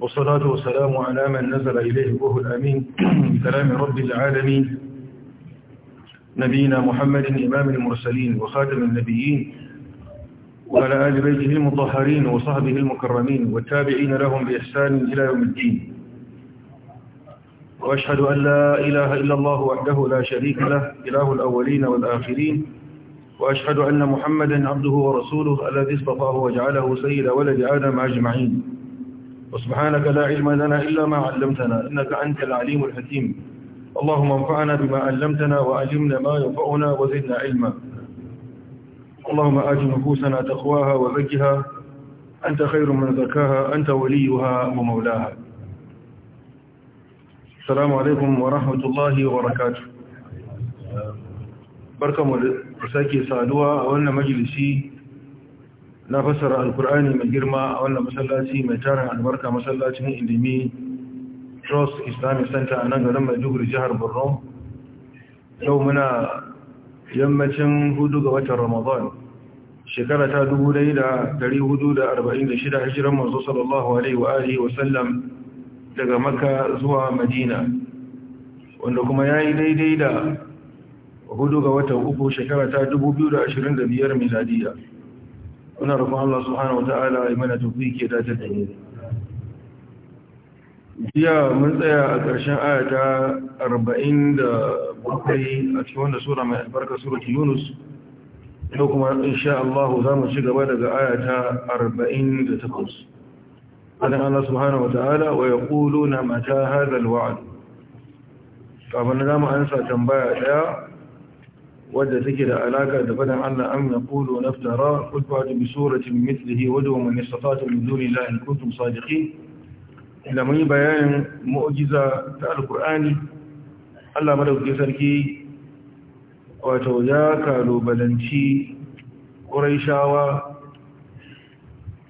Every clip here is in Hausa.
والصلاة والسلام على من نزل إليه وهو الأمين بكلام رب العالمين نبينا محمد إمام المرسلين وخاتم النبيين وعلى آل بيته المطهرين وصحبه المكرمين والتابعين لهم بإحسان إلى يوم الدين وأشهد أن لا إله إلا الله وحده لا شريك له إله الأولين والآخرين وأشهد أن محمدا عبده ورسوله الذي اصطفاه وجعله سيد ولد آدم أجمعين وسبحانك لا علم لنا إلا ما علمتنا إنك أنت العليم الحكيم اللهم انفعنا بما علمتنا وعلمنا ما ينفعنا وزدنا علما اللهم آت نفوسنا تقواها وزكها أنت خير من زكاها أنت وليها ومولاها السلام عليكم ورحمة الله وبركاته بركة sake saduwa a wannan majalisi na fassara alkur'ani mai girma a wannan masallaci mai tarin albarka masallacin indimi trust islamic center a nan garin maiduguri jihar borno yau muna yammacin hudu ga watan ramadan shekara ta dubu da da arba'in shida hijiran manzo sallallahu alaihi wa alihi wa sallam daga makka zuwa madina wanda kuma yayi daidai da hudu ga watan uku shekara ta 2025 miladiya muna rufin Allah subhanahu wata'ala ya mana tafi ke datar da ne jiya mun tsaya a ƙarshen ayata da 47 a cikin wanda sura mai albarka surat yunus yau kuma insha Allah za mu ci gaba daga ayata da takwas. adan Allah subhanahu wata'ala wa na mata hadha alwa'd kaban da mu ansa tambaya ɗaya. wadda take da alaka da fadan Allah am yaqulu naftara qul fa'tu bi suratin mithlihi wad'u man istata'tum min duni Allah in kuntum sadiqin da mun bayanin mu'jiza ta alqur'ani Allah madaukakin sarki wato ya kalubalanci ƙuraishawa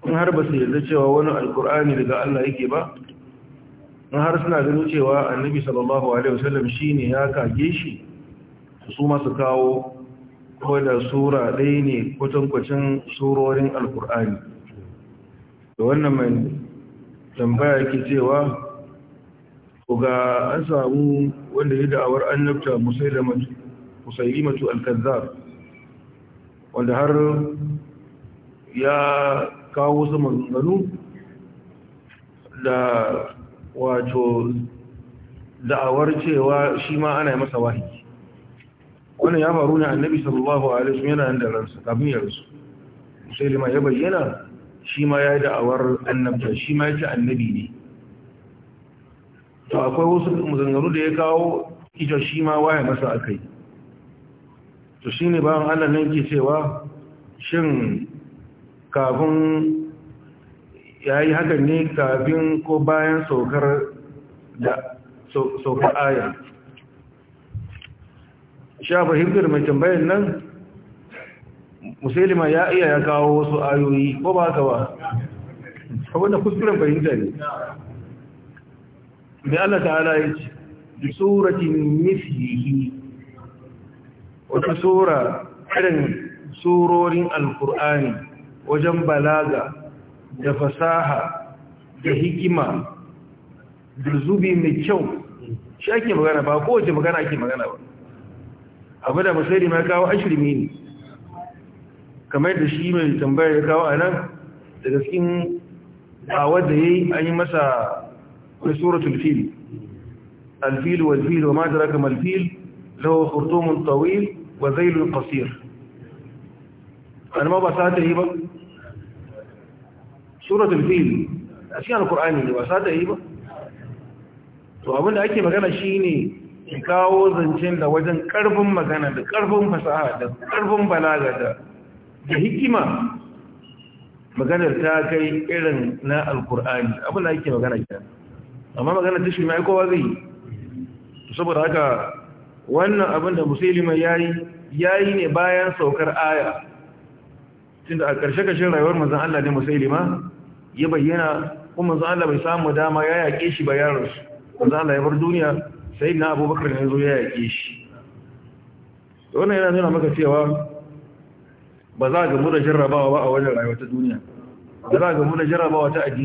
in har ba su yarda cewa wani alkur'ani daga Allah yake ba in har suna ganin cewa annabi sallallahu alaihi wasallam shine ya kage shi su masu kawo ko da sura ɗaya ne kwatankwacin surorin alkur'ani da wannan mai tambaya ke cewa ga an samu wanda ya da'awar annabta musailimatu al-kazzab wanda har ya kawo wasu maganganu da wato da'awar cewa shi ma ana yi masa wahayi wannan ya faru ne annabi sallallahu alaihi wasallam yana da ransa kafin ya rasu sai lima ya bayyana shi ma ya da'awar annabta shi ma ya ci annabi ne to akwai wasu maganganu da ya kawo ita shi ma waye masa akai to shine bayan Allah nan ke cewa shin kafin yayi hakan ne kafin ko bayan saukar da saukar aya shafa fahimtar mai tambayar nan musulma ya iya ya kawo wasu ayoyi ko ba ka ba abinda kuskuren fahimta ne da Allah ta'ala ya ce bi suratin mislihi wata tsora irin tsororin alkur'ani wajen balaga da fasaha da hikima da zubi mai kyau shi ake magana ba kowace magana ake magana ba abu da musaili ma kawo ashirmi ne kamar da shi mai tambaya ya kawo a nan daga cikin a wadda ya yi an yi masa wani suratul fil الفيل والفيل وما أدراك ما الفيل له خرطوم طويل وذيل قصير أنا ما بساته هيبة سورة الفيل أشياء القرآن اللي بساته هيبة وأقول لك أكي مكان شيني ki kawo zancen da wajen ƙarfin magana da ƙarfin fasaha da ƙarfin balaga da da hikima maganar ta kai irin na alkur'ani abin da ake magana ke amma magana ta shi mai kowa zai saboda haka wannan abin da musulima ya yi ya yi ne bayan saukar aya tun da a ƙarshe kashin rayuwar manzan Allah ne musulima ya bayyana kuma manzan Allah bai samu dama ya yaƙe shi ba yaransu manzan Allah ya bar duniya sai na abubakar ya zo ya yaƙe shi wannan yana nuna maka cewa ba za a gamu da jarrabawa ba a wajen rayuwa ta duniya ba za a gamu da jarrabawa ta addini